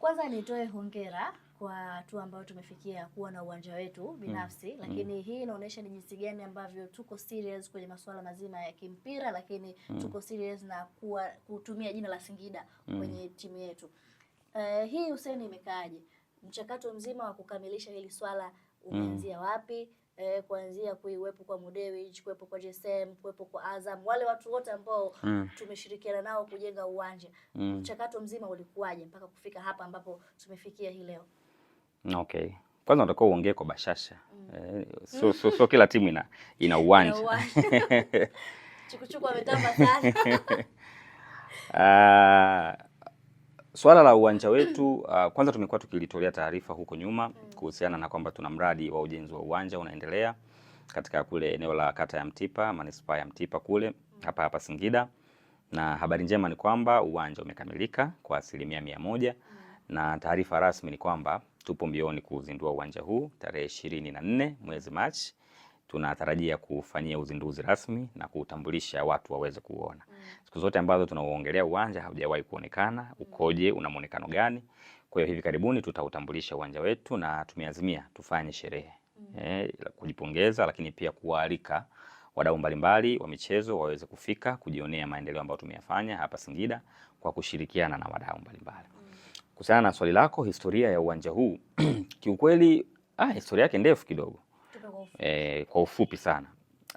Kwanza nitoe hongera kwa hatua ambayo tumefikia kuwa na uwanja wetu mm. binafsi mm. Lakini mm. hii inaonyesha ni jinsi gani ambavyo tuko serious kwenye masuala mazima ya kimpira, lakini mm. tuko serious na kuwa, kutumia jina la Singida mm. kwenye timu yetu. Uh, hii Hussein, imekaaje mchakato mzima wa kukamilisha hili swala mm. umeanzia mm. wapi? eh, kuanzia kuiwepo kwa Mudewij, kuwepo kwa JSM, kuwepo kwa Azam, wale watu wote ambao mm. tumeshirikiana nao kujenga uwanja mm. mchakato mzima ulikuwaje mpaka kufika hapa ambapo tumefikia hii leo? Okay, kwanza unatakiwa uongee kwa bashasha mm. eh, so, so, so kila timu ina ina uwanja Chukuchuku ametamba sana. Ah, Swala la uwanja wetu uh, kwanza tumekuwa tukilitolea taarifa huko nyuma kuhusiana na kwamba tuna mradi wa ujenzi wa uwanja unaendelea katika kule eneo la kata ya Mtipa, manispaa ya Mtipa kule hapa hapa Singida, na habari njema ni kwamba uwanja umekamilika kwa asilimia mia moja na taarifa rasmi ni kwamba tupo mbioni kuuzindua uwanja huu tarehe ishirini na nne mwezi Machi. Tunatarajia kufanyia uzinduzi rasmi na kuutambulisha watu waweze kuona. Siku zote ambazo tunauongelea uwanja haujawahi kuonekana mm. ukoje, una muonekano gani? Kwa hiyo hivi karibuni tutautambulisha uwanja wetu na tumeazimia tufanye sherehe mm. eh, kujipongeza, lakini pia kuwaalika wadau mbalimbali wa michezo waweze kufika kujionea maendeleo ambayo tumeyafanya hapa Singida kwa kushirikiana na wadau mbalimbali mm. Kuhusiana na swali lako, historia ya uwanja huu kiukweli, ah, historia yake ndefu kidogo. eh, kwa ufupi sana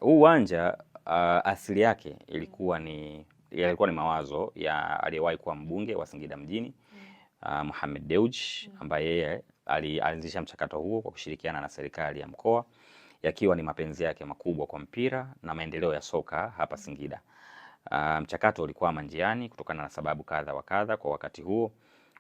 huu uwanja uh, asili yake ilikuwa ni mm. yalikuwa ni mawazo ya aliyewahi kuwa mbunge wa Singida mjini uh, Mohamed Dewji mm. ambaye yeye alianzisha mchakato huo kwa kushirikiana na serikali ya mkoa yakiwa ni mapenzi yake makubwa kwa mpira na maendeleo ya soka hapa Singida. Uh, mchakato ulikuwa manjiani kutokana na sababu kadha wa kadha kwa wakati huo.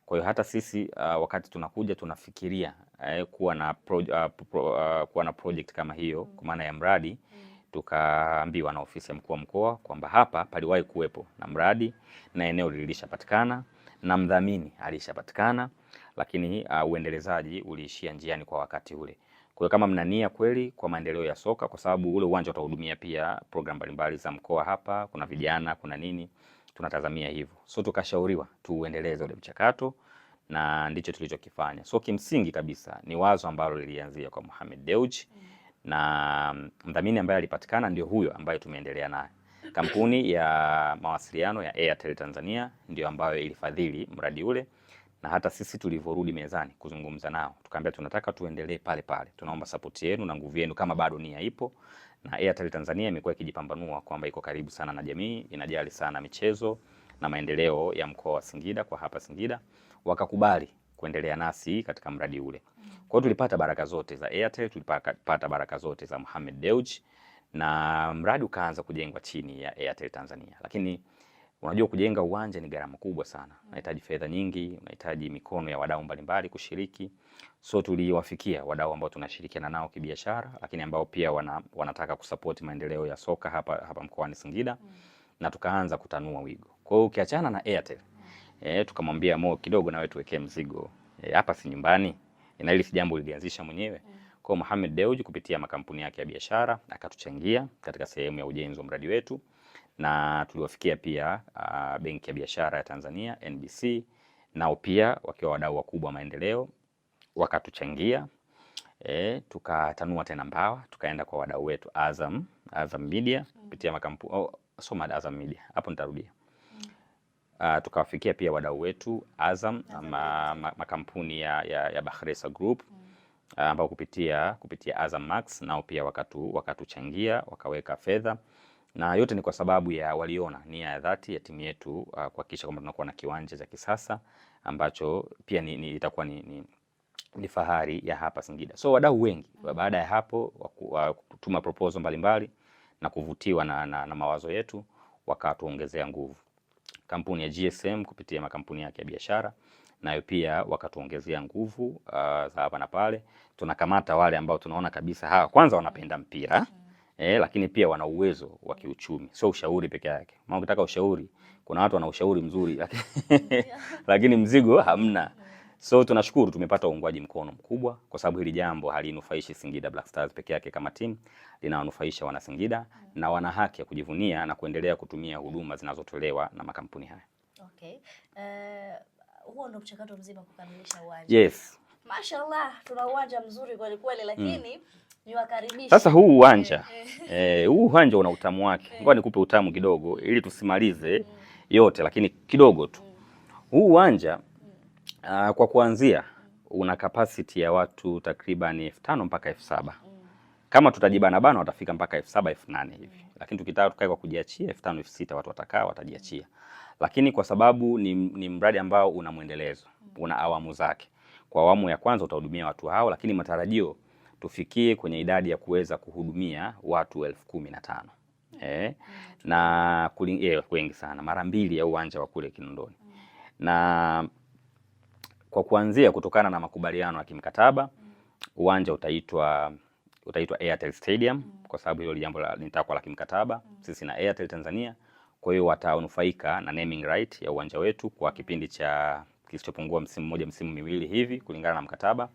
Kwa hiyo hata sisi uh, wakati tunakuja tunafikiria eh, kuwa na pro, uh, pro, uh, kuwa na project kama hiyo kwa maana ya mradi mm tukaambiwa na ofisi ya mkuu wa mkoa kwamba hapa paliwahi kuwepo na mradi na eneo lilishapatikana na mdhamini alishapatikana, lakini uh, uendelezaji uliishia njiani kwa wakati ule. Kwa kama mnania kweli kwa maendeleo ya soka, kwa sababu ule uwanja utahudumia pia programu mbalimbali za mkoa hapa, kuna vijana, kuna nini, tunatazamia hivyo. So tukashauriwa tuuendeleze ule mchakato na ndicho tulichokifanya. So kimsingi kabisa ni wazo ambalo lilianzia kwa Mohamed Dewji mm na mdhamini ambaye alipatikana ndio huyo ambaye tumeendelea naye. Kampuni ya mawasiliano ya Airtel Tanzania ndio ambayo ilifadhili mradi ule, na hata sisi tulivyorudi mezani kuzungumza nao, tukaambia tunataka tuendelee pale pale, tunaomba sapoti yenu na nguvu yenu kama bado nia ipo. Na Airtel Tanzania imekuwa ikijipambanua kwamba iko karibu sana na jamii, inajali sana michezo na maendeleo ya mkoa wa Singida kwa hapa Singida, wakakubali kuendelea nasi katika mradi ule. Kwa hiyo tulipata baraka zote za Airtel, tulipata baraka zote za Mohamed Dewji na mradi ukaanza kujengwa chini ya Airtel Tanzania. Lakini unajua kujenga uwanja ni gharama kubwa sana. Unahitaji fedha nyingi, unahitaji mikono ya wadau mbalimbali kushiriki. So tuliwafikia wadau ambao tunashirikiana nao kibiashara, lakini ambao pia wana, wanataka kusupport maendeleo ya soka hapa hapa mkoani Singida mm. na tukaanza kutanua wigo. Kwa hiyo ukiachana na Airtel e, tukamwambia Mo, kidogo nawe tuwekee mzigo e, hapa e, si nyumbani e, na hili si jambo lilianzisha mwenyewe mm. Kwa Mohamed Dewji kupitia makampuni yake ya biashara akatuchangia katika sehemu ya ujenzi wa mradi wetu, na tuliwafikia pia benki ya biashara ya Tanzania NBC, nao pia wakiwa wadau wakubwa wa maendeleo wakatuchangia. E, tukatanua tena mbawa tukaenda kwa wadau wetu Azam, Azam Media mm. kupitia makampuni oh, so Azam Media hapo nitarudia uh, tukawafikia pia wadau wetu Azam ma, makampuni ya, ya, ya Bakhresa Group mm. ah, ambao uh, kupitia kupitia Azam Max nao pia wakatu wakatuchangia wakaweka fedha na yote ni kwa sababu ya waliona nia ya dhati ya timu yetu uh, kuhakikisha kwamba tunakuwa na kiwanja cha kisasa ambacho pia ni, ni, itakuwa ni, ni, ni fahari ya hapa Singida. So wadau wengi mm. baada ya hapo kutuma proposal mbalimbali na kuvutiwa na, na, na mawazo yetu wakatuongezea nguvu kampuni ya GSM kupitia makampuni yake ya biashara, nayo pia wakatuongezea nguvu uh, za hapa na pale. Tunakamata wale ambao tunaona kabisa hawa kwanza wanapenda mpira mm eh, lakini pia wana uwezo wa kiuchumi, sio ushauri peke yake. Maana ukitaka ushauri, kuna watu wana ushauri mzuri lakini, mm. lakini mzigo hamna So tunashukuru tumepata uungwaji mkono mkubwa, kwa sababu hili jambo halinufaishi Singida Black Stars peke yake kama timu, linawanufaisha wana Singida mm. na wana haki ya kujivunia na kuendelea kutumia huduma zinazotolewa na makampuni haya. Okay. Uh, huo ndio mchakato mzima kukamilisha uwanja. Yes. Mashallah, tuna uwanja mzuri kweli kweli, lakini mm. niwakaribishe. Sasa huu uwanja eh, eh. eh huu uwanja una utamu wake. Ngoja nikupe utamu kidogo ili tusimalize mm. yote, lakini kidogo tu. Mm. Huu uwanja Uh, kwa kuanzia una capacity ya watu takriban elfu tano mpaka elfu saba kama tutajibana bana watafika mpaka elfu saba elfu nane hivi, lakini tukitaka tukae kwa kujiachia elfu tano elfu sita watu watakaa watajiachia, lakini kwa sababu ni, ni mradi ambao una mwendelezo, una awamu zake. Kwa awamu ya kwanza utahudumia watu hao, lakini matarajio tufikie kwenye idadi ya kuweza kuhudumia watu elfu kumi na tano eh, na eh, wengi sana, mara mbili ya uwanja wa kule Kinondoni na kwa kuanzia, kutokana na makubaliano ya kimkataba uwanja utaitwa utaitwa Airtel Stadium kwa sababu hilo jambo ni takwa la kimkataba sisi na Airtel Tanzania. Kwa hiyo watanufaika na naming right ya uwanja wetu kwa kipindi cha kisichopungua msimu mmoja msimu miwili hivi kulingana na mkataba.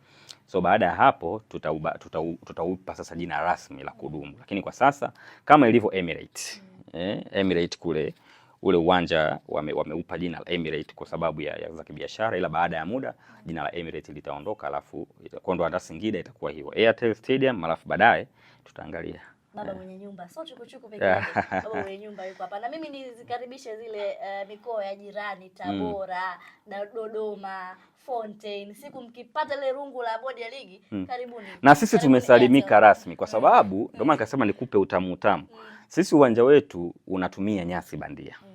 So baada ya hapo tutaupa tuta, tuta sasa jina rasmi la kudumu, lakini kwa sasa kama ilivyo Emirates, eh, Emirates kule ule uwanja wameupa wame, jina la Emirate kwa sababu ya, ya za kibiashara, ila baada ya muda jina la Emirate litaondoka, alafu kondo hata Singida itakuwa hiyo Airtel Stadium, alafu baadaye tutaangalia baba mwenye nyumba sio chukuchuku pekee yake, baba mwenye nyumba yuko hapa na mimi nizikaribishe zile uh, mikoa ya jirani mm. Tabora na mm. Dodoma Fontaine. Siku mkipata ile rungu la bodi ya ligi mm. karibuni na sisi tumesalimika rasmi kwa sababu mm. ndio mm. maana nikasema nikupe utamu utamu mm. sisi uwanja wetu unatumia nyasi bandia mm.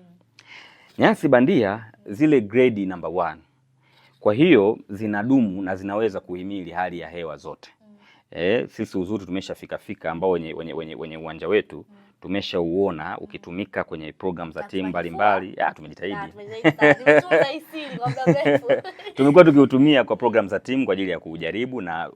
Nyasi bandia zile grade number one, kwa hiyo zinadumu na zinaweza kuhimili hali ya hewa zote. E, sisi uzuri tumeshafika fika ambao wenye, wenye, wenye, wenye uwanja wetu mm. tumeshauona ukitumika kwenye program za timu mbalimbali. Ah, tumejitahidi, tumekuwa tukiutumia kwa program za timu kwa ajili ya kujaribu na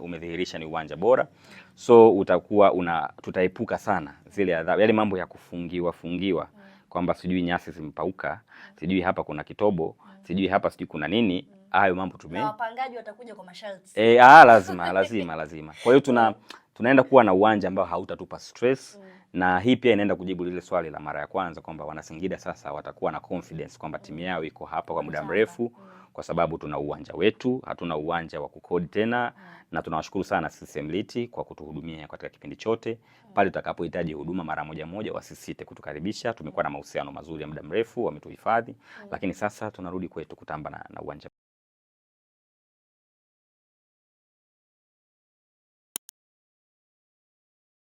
umedhihirisha ume, ume ni uwanja bora, so utakuwa una tutaepuka sana zile adhabu, yale mambo ya kufungiwa fungiwa kwamba sijui nyasi zimpauka, mm. sijui hapa kuna kitobo, mm. sijui hapa sijui kuna nini. Mm. Hayo mambo tume, na wapangaji watakuja kwa masharti eh, ah, lazima lazima lazima. Kwa hiyo tuna tunaenda kuwa na uwanja ambao hautatupa stress na hii pia inaenda kujibu lile swali la mara ya kwanza kwamba Wanasingida sasa watakuwa na confidence kwamba timu yao iko hapa kwa muda mrefu kwa sababu tuna uwanja wetu, hatuna uwanja wa kukodi tena mm. na tunawashukuru sana Liti kwa kutuhudumia katika kipindi chote mm. pale tutakapohitaji huduma mara moja moja, wasisite kutukaribisha. Tumekuwa na mahusiano mazuri ya muda mrefu, wametuhifadhi mm. lakini sasa tunarudi kwetu kutamba na, na uwanja